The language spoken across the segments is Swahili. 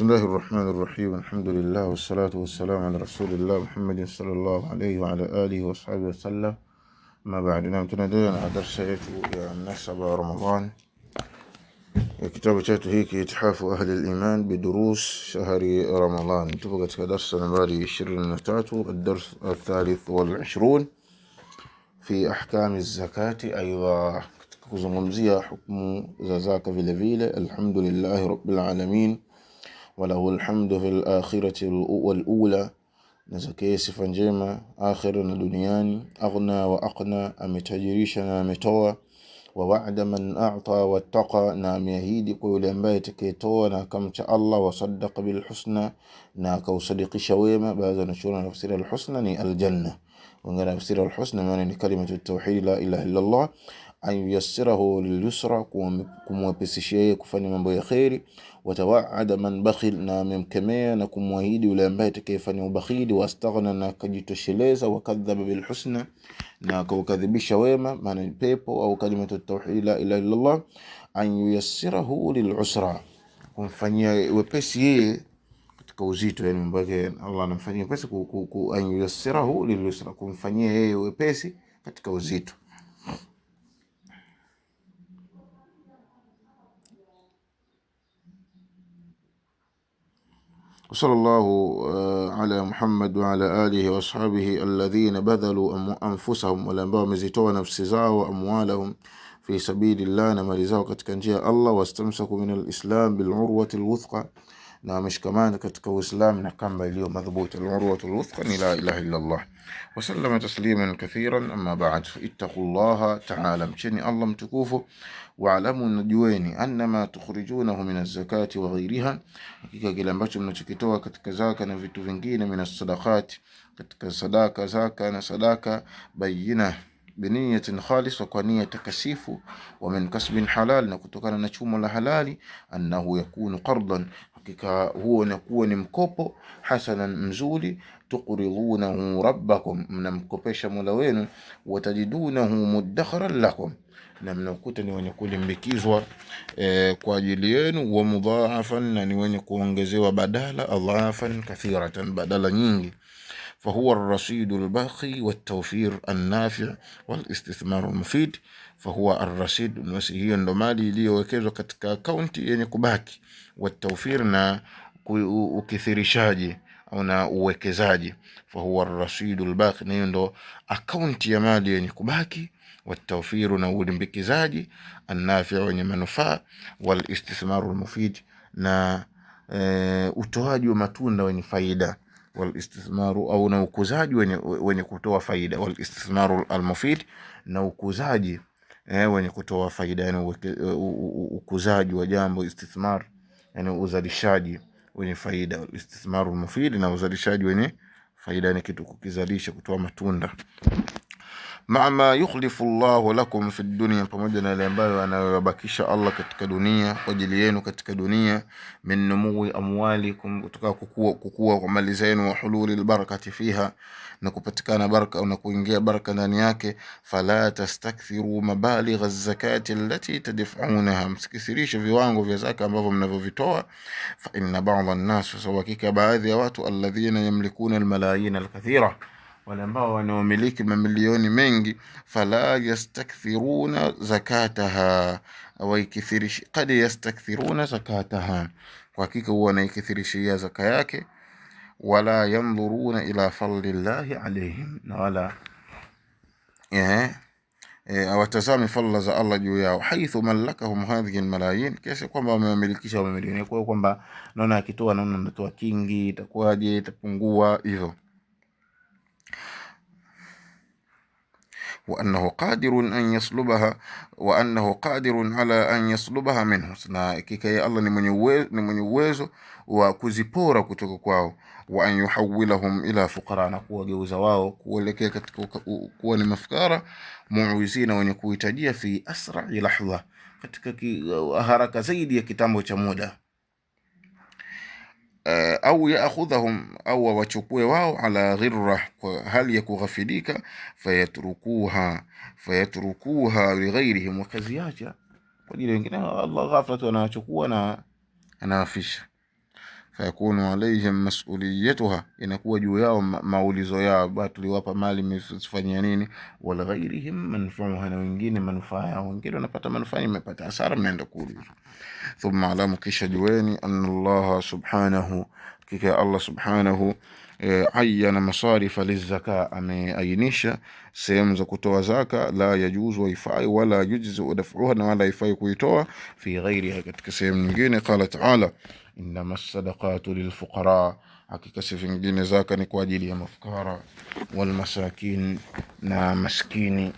بسم الله الرحمن الرحيم الحمد لله والصلاة والسلام على رسول الله محمد صلى الله عليه وعلى آله وصحبه وسلم ما بعد نعم تنادينا على درس الناس أبا رمضان كتابة هيك إتحاف أهل الإيمان بدروس شهر رمضان تبقى درس نباري شرين الدرس الثالث والعشرون في أحكام الزكاة أيضا ممزية حكم زكاة في الحمد لله رب العالمين walahu lhamdu fi lakhirati walula, na zake sifa njema akhira na duniani. Aghna wa aqna, ametajirisha na ametoa. Wa wa'ada man a'ta wattaqa, na ameahidi kwa yule ambaye atakayetoa na akamcha Allah. Wa saddaqa bil husna, na akausadikisha wema. Baadhi wanachuona tafsiri al husna ni aljanna, wengine tafsiri al husna maana ni kalimatu tauhid la ilaha illa Allah anyuyassirahu lilyusra, kumwepesishia yeye kufanya mambo ya kheri. Watawaada man bakhil, na amemkemea na kumwahidi yule ambaye atakayefanya ubakhili. Wastaghna, na akajitosheleza. Wakadhaba bilhusna, na akaukadhibisha wema, maana ni pepo au kalimatu tauhid la ilaha illallah. Anyuyassirahu lilusra, kumfanyia wepesi yeye katika uzito, yani mambo yake Allah anamfanyia wepesi. Anyuyassirahu lilusra, kumfanyia yeye wepesi katika uzito وصلى الله آه، على محمد وعلى آله وصحبه الذين بذلوا أنفسهم ولنبوا مزيتوا نفسزا وأموالهم في سبيل الله نمرزاو كتكنجيا الله واستمسكوا من الإسلام بالعروة الوثقى na washikamane katika Uislamu na kamba iliyo madhubuti. Alurwatul wuthqa ni la ilaha illa Allah. Wa sallama tasliman kathiran, amma ba'd. Ittaqullaha ta'ala, mcheni Allah mtukufu. Waalamu, najueni annama tukhrijunahu min az-zakati wa ghayriha, hakika kile ambacho mnachokitoa katika zaka na vitu vingine, min as-sadaqati, katika sadaka, zaka na sadaka, bayina biniyatin khalisa, kwa nia takasifu, wa min kasbin halal, na kutokana na chumo la halali, annahu yakunu qardan, hakika huo unakuwa ni mkopo hasanan mzuri, tuqridunahu rabbakum, mnamkopesha mola wenu, watajidunahu mudakhran lakum, na mnakuta ni wenye kulimbikizwa e, kwa ajili yenu, wa mudhaafan, na ni wenye kuongezewa badala, adhaafan kathiratan, badala nyingi فهو الرشيد الباقي والتوفير النافع والاستثمار المفيد. Fahuwa arrashid basi, hiyo ndo mali iliyowekezwa katika akaunti yenye kubaki, watawfir na ukithirishaji au na uwekezaji. Fahuwa arrashidu albaqi, na hiyo ndo akaunti ya mali yenye kubaki, watawfiru na ulimbikizaji, annafiu wenye manufaa, walistithmaru lmufid na eh, utoaji wa matunda wenye faida walistithmaru au na ukuzaji wenye, wenye kutoa faida walistithmaru almufid na ukuzaji eh, wenye kutoa faida yani ukuzaji wa jambo istithmar yani uzalishaji wenye faida walistithmaru almufid na uzalishaji wenye faida ni kitu kukizalisha kutoa matunda mama yukhlifu llahu lakum fi dunia, pamoja na yale ambayo anayoyabakisha Allah katika dunia kwa ajili yenu katika dunia, min numui amwalikum, kutoka kukua, kukua kwa mali zenu, wa hululi lbarakati fiha, na kupatikana baraka na kuingia baraka ndani yake. Fala tastakthiru mabaligha zakati allati tadfaunaha, msikithirishe viwango vya zaka ambavyo mnavyovitoa. Fa inna bada nnas, sababu hakika baadhi ya watu alladhina yamlikuna almalayina alkathira wale ambao wanaomiliki mamilioni mengi, fala yastakthiruna zakataha, waikithirish kad yastakthiruna zakataha, kwa hakika huwa wanaikithirishia zaka yake. Wala yandhuruna ila fadli llahi alaihim, na wala eh e, awatazami fadla za Allah juu yao, haithu mallakahum hadhihi almalayin, kiasi kwamba wamewamilikisha mamilioni. Kwa hiyo kwamba naona akitoa naona anatoa kingi, itakuwaje? Itapungua hivyo. وأنه قادر أن يسلبها وأنه قادر على أن yaslubaha minhu, na hakika ya Allah ni mwenye uwezo wa kuzipora kutoka kwao, wa an yuhawilahum ila fuqara, na kuwageuza wao kuelekea katika kuwa ni mafukara, muizina, wenye kuhitajia, fi asrai lahdha, katika haraka zaidi ya kitambo cha muda. آه، أو يأخذهم أو وشكوه واو على غرة هل يكو غفليك فيتركوها فيتركوها لغيرهم وكزياجة ودي لنكنا الله غافلة أنا شكوه أنا أنا فيش fayakunu alaihim masuliyatuha, inakuwa juu yao maulizo yao, ba tuliwapa mali mmefanyia nini? Wala ghairihim manfauha, na wengine manufaa yao, wengine wanapata manufaa, mmepata hasara, mnaenda kuulizwa. Thumma alamu, kisha jueni, anna Allah subhanahu, hakika Allah subhanahu e, na masarifa lizaka, ameainisha sehemu za kutoa zaka. La yajuzu waifai wala yujzu dafuha, na wala ifai kuitoa. Fi ghairiha, katika sehemu nyingine. Qala taala innama sadaqatu lilfuqara, hakika si vingine zaka ni kwa ajili ya mafukara. Walmasakin, na maskini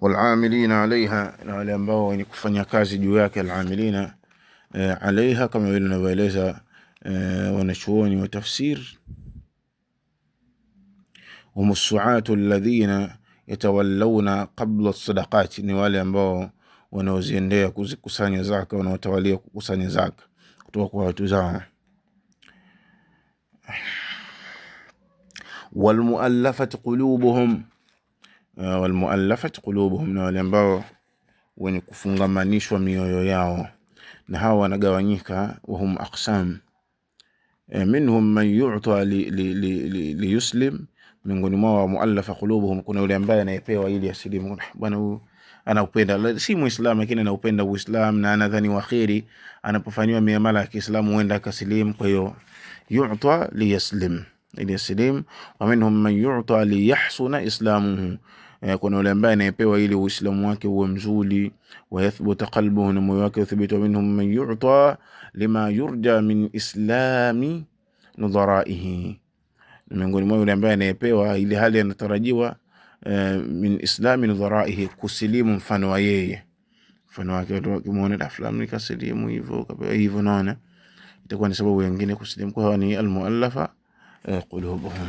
walamilina alaiha, na wale ambao wenye kufanya kazi juu yake. Alamilina eh, alaiha, kama vile inavyoeleza uh, wanachuoni wa tafsir hum suatu alladhina yatawallawna qabla sadaqati, ni wale ambao wanaoziendea kuzikusanya zaka, wanaotawalia kukusanya zaka kutoka kwa watu zao. Walmuallafat qulubuhum, eh, walmuallafat qulubuhum, na wale ambao wenye kufungamanishwa mioyo yao, na hawa wanagawanyika, wahum aqsam Eh, minhum man yuta liyuslim li, li, li miongoni mwao wa muallafa qulubuhum, kuna yule ambaye anayepewa ili asilimu. Bwana huyu anaupenda, si Muislamu lakini anaupenda Uislamu na anadhani wakheri, anapofanyiwa miamala ya Kiislamu huenda akasilimu. Kwa hiyo yuta liyaslim, ili asilimu. Wa minhum man yuta liyahsuna islamuhu Eh, kuna yule ambaye anayepewa ili uislamu wake uwe mzuri, wa yathbuta qalbuhu, na moyo wake uthibitwa, minhum man yu'ta lima yurja min islami nudharaihi, miongoni mwa yule ambaye anayepewa ili hali anatarajiwa eh, min islami nudharaihi, kusilimu mfano wa yeye, mfano wake. Watu wakimuona la fulani kasilimu hivyo hivyo, naona itakuwa ni sababu nyingine kusilimu kwa ni almuallafa eh, qulubuhum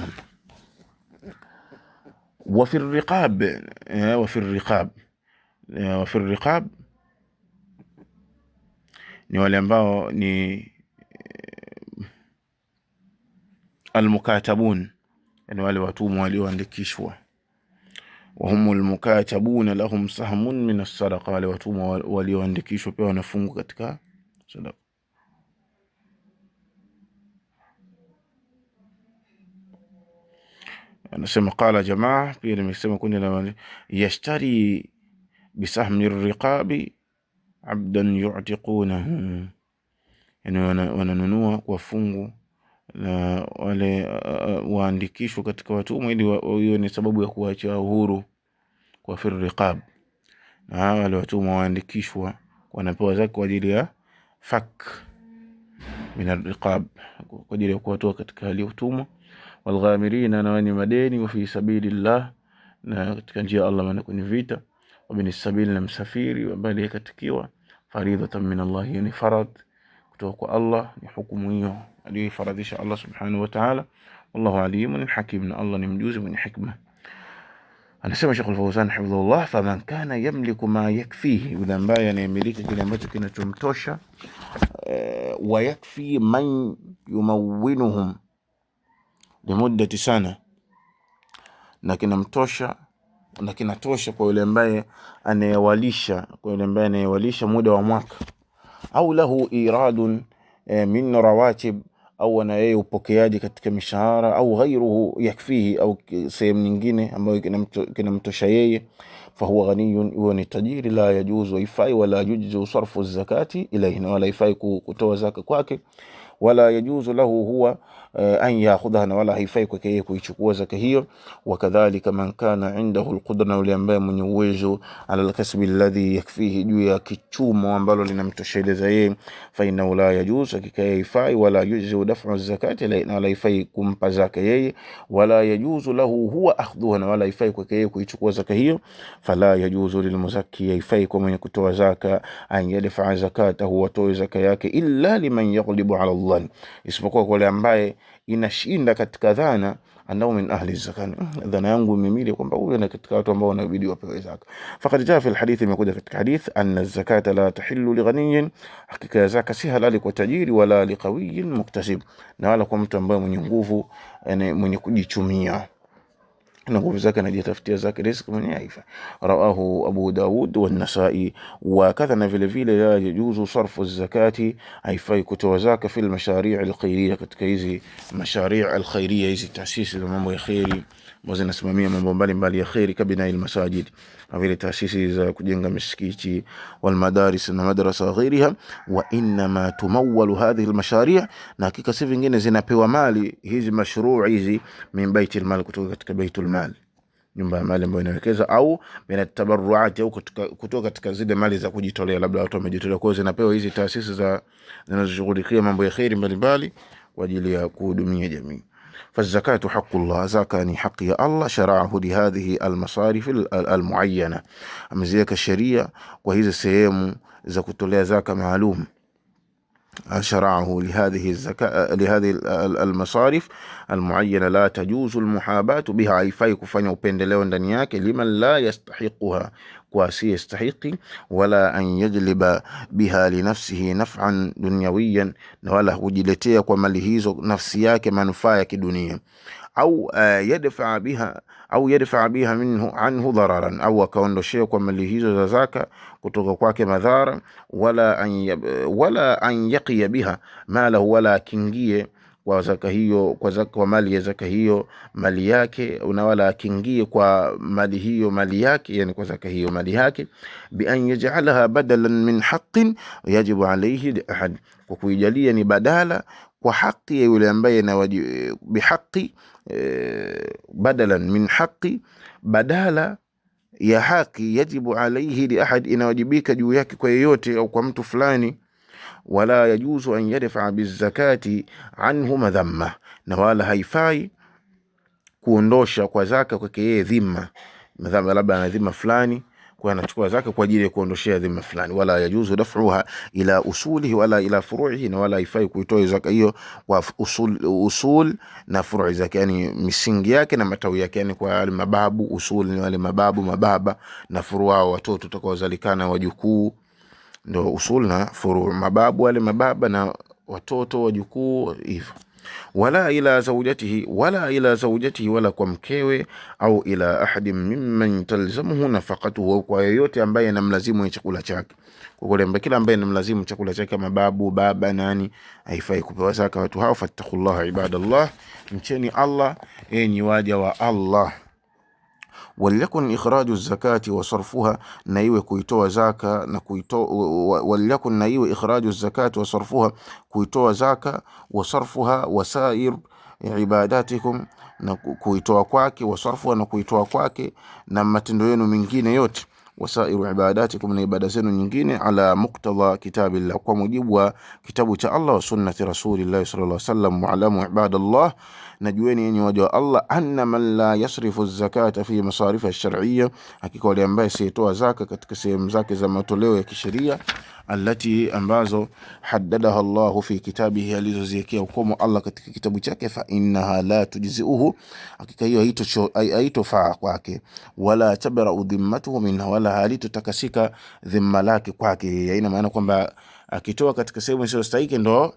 wafi riqab, eh, wafi riqab, eh, wafi riqab ni wale ambao ni eh, almukatabun, yani wale watumwa walioandikishwa. Wahum almukatabuna lahum sahmun min alsadaqa wale watumwa walioandikishwa pia wanafungwa katika sadaqa. Anasema qala jamaa, pia nimesema kundi la yashtari bisahmi riqabi abdan yu'tiqunahu, yani wananunua kwa fungu na wale uh, waandikishwa katika watumwa, ili hiyo ni sababu ya kuwacha uhuru kwa fir riqab, na wale watumwa waandikishwa wanapewa zake kwa ajili ya fak min arriqab, kwa ajili ya kuwatoa katika hali ya utumwa walghamirina, na wenye madeni, wafi sabilillah, na katika njia ya Allah maana kwenye vita, wabni sabili, na msafiri ambaye aliyekatikiwa, faridhatan min Allah, ni farad kutoka kwa Allah, ni hukumu hiyo aliyofaradhisha Allah subhanahu wa ta'ala. Wallahu alimun hakim, na Allah ni mjuzi mwenye hikma. Anasema Sheikh Al-Fawzan hafidhahullah, faman kana yamliku ma yakfihi, yule ambaye anayemiliki kile ambacho kinachomtosha, wa yakfi man yumawinuhum limuddati sana, na kinamtosha na kinatosha kwa yule ambaye anayewalisha kwa yule ambaye anayewalisha muda wa mwaka, au lahu iradun e, min rawatib au ana yeye upokeaji katika mishahara au ghairuhu yakfihi, au sehemu nyingine ambayo kinamtosha yeye. Fahuwa ghaniyun, huyo ni tajiri. La yajuzu, haifai wala yajuzu sarfu zakati ilayhi, wala haifai kutoa zaka kwake. Wala yajuzu lahu huwa Eh, an yakhudhana, wala haifai kwake yeye kuichukua zaka hiyo. Wakadhalika man kana indahu alqudra, na yule ambaye mwenye uwezo ala alkasbi alladhi yakfihi, juu ya kichumo ambalo linamtosheleza yeye. Fa innahu la yajuz, hakika haifai, wala yuzu daf'u zakati, na wala haifai kumpa zaka yeye, wala yajuzu lahu huwa akhdhuha, na wala haifai kwake yeye kuichukua zaka hiyo. Fala yajuzu lilmuzakki, haifai kwa mwenye kutoa zaka an yadfa zakatahu, watoe zaka yake, illa liman yaghlibu ala Allah, isipokuwa kwa yule ambaye inashinda katika dhana anao min ahli zakani, dhana yangu mimili kwamba huyo ni katika watu ambao wanabidi wapewe zaka. fakad jaa fi alhadith, imekuja katika hadith, anna zakata la tahillu li hakika ya zaka si halali kwa tajiri, wala li muktasib, na wala kwa mtu ambaye mwenye nguvu, mwenye kujichumia. إنه سكن دي تفتير سك رزق من يعيفة رواه أبو داود والنسائي وكذا في الفيل لا يجوز صرف الزكاة عيفي كتوزاك في المشاريع الخيرية كتكيزي مشاريع الخيرية يزي تأسيس الأمم الخيري ambazo zinasimamia mambo mbalimbali ya kheri kabina ilmasajidi, kama vile taasisi za kujenga misikiti walmadaris na madrasa ghairiha. Wa innama tumawalu hadhihi almashari, na hakika si vingine zinapewa mali hizi mashruu hizi min baitil mal, kutoka katika baitul mal nyumba ya mali ambayo inawekeza au mina tabarruati au kutoka katika zile mali za kujitolea, labda watu wamejitolea kwao, zinapewa hizi taasisi za zinazoshughulikia mambo ya kheri mbalimbali kwa ajili ya kuhudumia jamii. فالزكاة حق الله زكاني حقي الله شرعه لهذه المصارف المعينة أما زيك الشريعة وهي سيم إذا كنت لا زكاة معلوم شرعه لهذه الزكاة لهذه المصارف almuayyana la tajuzu almuhabatu biha, haifai kufanya upendeleo ndani yake. Liman la yastahiquha, kwa asiyestahiki. Wala an yajliba biha linafsihi naf'an dunyawiyan, na wala hujiletea kwa mali hizo nafsi yake manufaa ya au uh, eh, yadfa biha au yadfa biha minhu anhu dhararan, au akaondoshea kwa mali hizo za zaka kutoka kwake madhara. Wala an, wala an yaqiya biha malahu, wala akingie kwa zaka hiyo kwa, zaka, kwa mali ya zaka hiyo mali yake, na wala akingie kwa mali hiyo mali yake, yani kwa zaka hiyo mali yake, bi an yaj'alaha badalan min haqqin yajibu alayhi ahad, kwa kuijalia ni badala kwa haki ya yule ambaye na bihaqi Eh, badalan min haqi, badala ya haki. Yajibu alaihi li inawajibika juu yake kwa yeyote au kwa mtu fulani. Wala yajuzu an yadfaa bizakati anhu madhamma, na wala haifai kuondosha kwa zaka kwake yeye dhima, labda ana dhima fulani kwa anachukua zaka kwa ajili ya kuondoshea dhima fulani, wala yajuzu daf'uha ila usulihi wala ila furu'ihi, na wala ifai kuitoa zaka hiyo kwa usul, usul na furu'i zake, yani misingi yake na matawi yake, yani kwa wale mababu. Usul ni wale mababu mababa, na furu wao watoto utakaozalikana wajukuu, ndio usul na furu. Mababu wale mababa na watoto wajukuu, hivyo wala ila zaujatihi wala ila zaujatihi, wala kwa mkewe, au ila ahadi mimman talzamuhu nafaqatuhu, kwa yeyote ambaye ya chakula chake. Kwa kule ambaye kila ambaye anamlazimu chakula chake kama babu, baba, nani, haifai kupewa zaka watu hao. Fattaqullaha ibadallah, mcheni Allah, enyi waja wa Allah waliyakun ikhraju zakati wa sarfuha, na iwe kuitoa zaka na kuitoa waliyakun, na iwe ikhraju zakati wa sarfuha, kuitoa zaka wa sarfuha wa sair ibadatikum, na kuitoa kwake wa sarfuha, na kuitoa kwake na matendo yenu mengine yote wasairu ibadatikum, na ibada zenu nyingine, ala muktadha kitabillah, kwa mujibu wa kitabu cha Allah wa sunnati rasulillahi sallallahu alaihi wasallam. Waalamu ibadallah, najueni yenye waja wa Allah, anna man la yasrifu zakata fi masarifa shar'iyya, hakika wale ambaye siyetoa zaka katika sehemu zake za matoleo ya kisheria allati ambazo haddadaha Allahu fi kitabihi, alizoziwekea ukomo Allah katika kitabu chake. Fa innaha la tujziuhu, hakika hiyo haitofaa kwake. Wala tabrau dhimmatuhu minha, wala halitotakasika dhimma lake kwake. Ina maana kwamba akitoa katika sehemu isiyostahiki ndo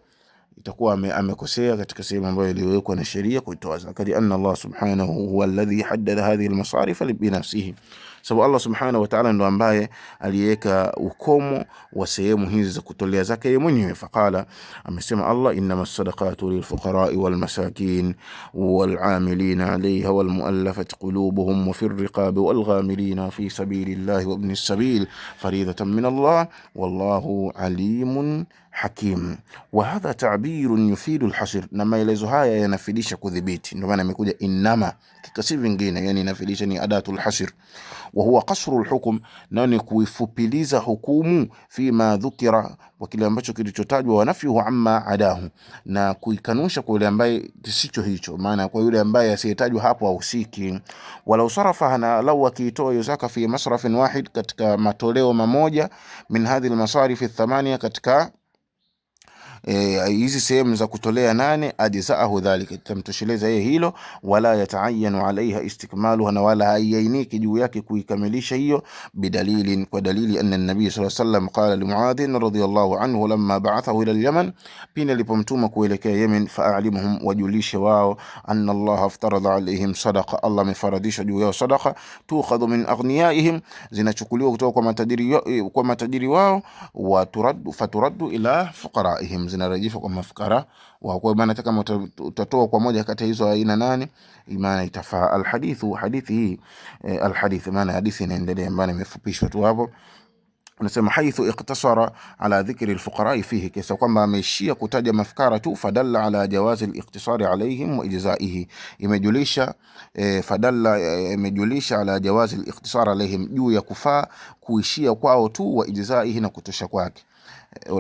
itakuwa amekosea katika sehemu ambayo iliyowekwa na sheria kuitoa zaka, anna Allah subhanahu huwa alladhi haddada hadhihi almasarif binafsihi sababu Allah subhanahu wataala ndo ambaye aliyeweka ukomo wa sehemu hizi za kutolea zaka yeye mwenyewe. Faqala, amesema Allah, innama sadaqatu lilfuqarai walmasakin walamilina alayha walmuallafati qulubuhum wafi riqabi walghamilina fi sabili sabilillahi wabni sabil faridhatan min Allah wallahu alimun hakim wa hadha ta'birun yufidu alhasr, na maelezo haya yanafidisha kudhibiti. Ndio maana imekuja innama, kikasi vingine, yani inafidisha ni adatu alhasr. Wa huwa qasru alhukm, na ni kuifupiliza hukumu fi ma dhukira, kwa kile ambacho kilichotajwa, wa nafyu amma adahu, na kuikanusha kwa yule ambaye kisicho hicho, maana kwa yule ambaye asiyetajwa hapo hahusiki. Walau sarafa, na lau akiitoa hiyo zaka fi masrafin wahid, katika matoleo mamoja, min hadhihi almasarif athmania, katika E, hizi sehemu za kutolea nane ajzaahu dhalika, itamtosheleza yeye hilo. Wala yataayanu alaiha istikmaluha, na wala haiainiki juu yake kuikamilisha hiyo. Bidalili, kwa dalili anna nabii sallallahu alayhi wasallam qala limuadhin radhiyallahu anhu lamma ba'athahu ila al-Yaman, pindi alipomtuma kuelekea Yemen. Faalimhum, wajulishe wao anna Allah aftaradha alaihim sadaqa, Allah amefaradisha juu yao sadaqa. Tukhadhu min aghniyaihim, zinachukuliwa kutoka kwa matajiri wao. Waturaddu faturaddu ila fuqaraihim zinarejeshwa kwa mafukara wa Kwa maana hata kama utatoa kwa moja kati hizo aina nane, maana itafaa. Alhadithu, hadithi hii eh, alhadithi maana hadithi inaendelea, maana imefupishwa tu hapo Unasema haithu iktasara ala dhikri alfuqarai fihi, kisa kwamba ameishia kutaja mafukara tu. Fadalla ala jawazi aliktisari alaihim wa ijzaihi, imejulisha e, fadalla eh, imejulisha ala jawazi aliktisari alaihim, juu ya kufaa kuishia kwao tu, wa ijzaihi, na kutosha kwake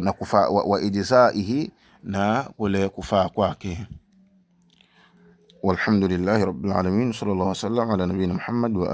na kufa, wa, wa ijzaihi na kule kufaa kwake. Walhamdulillahi rabbil alamin, sallallahu alaihi wasallam ala nabiyina Muhammad wa